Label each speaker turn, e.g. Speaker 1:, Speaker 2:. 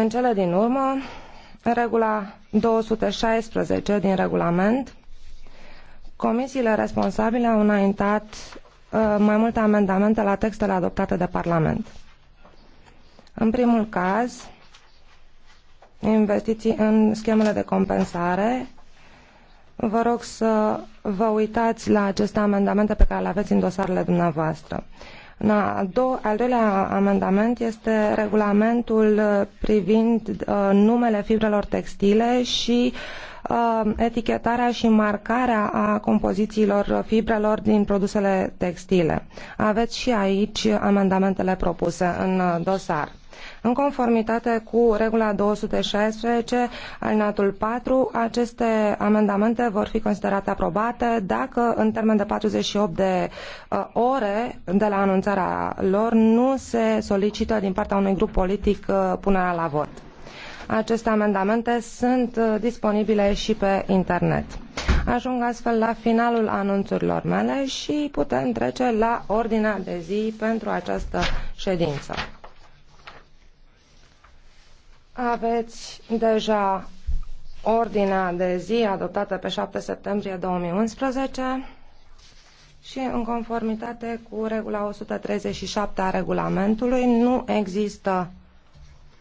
Speaker 1: În cele din urmă, regula 216 din regulament, comisiile responsabile au înaintat uh, mai multe amendamente la textele adoptate de Parlament. În primul caz, investiții în schemele de compensare. Vă rog să vă uitați la aceste amendamente pe care le aveți în dosarele dumneavoastră. Na, do- al doilea amendament este regulamentul uh, privind uh, numele fibrelor textile și uh, Uh, etichetarea și marcarea a compozițiilor fibrelor din produsele textile. Aveți și aici amendamentele propuse în uh, dosar. În conformitate cu regula 216, alinatul 4, aceste amendamente vor fi considerate aprobate dacă în termen de 48 de uh, ore de la anunțarea lor nu se solicită din partea unui grup politic uh, punerea la vot. Aceste amendamente sunt uh, disponibile și pe internet. Ajung astfel la finalul anunțurilor mele și putem trece la ordinea de zi pentru această ședință. Aveți deja ordinea de zi adoptată pe 7 septembrie 2011 și în conformitate cu regula 137 a regulamentului nu există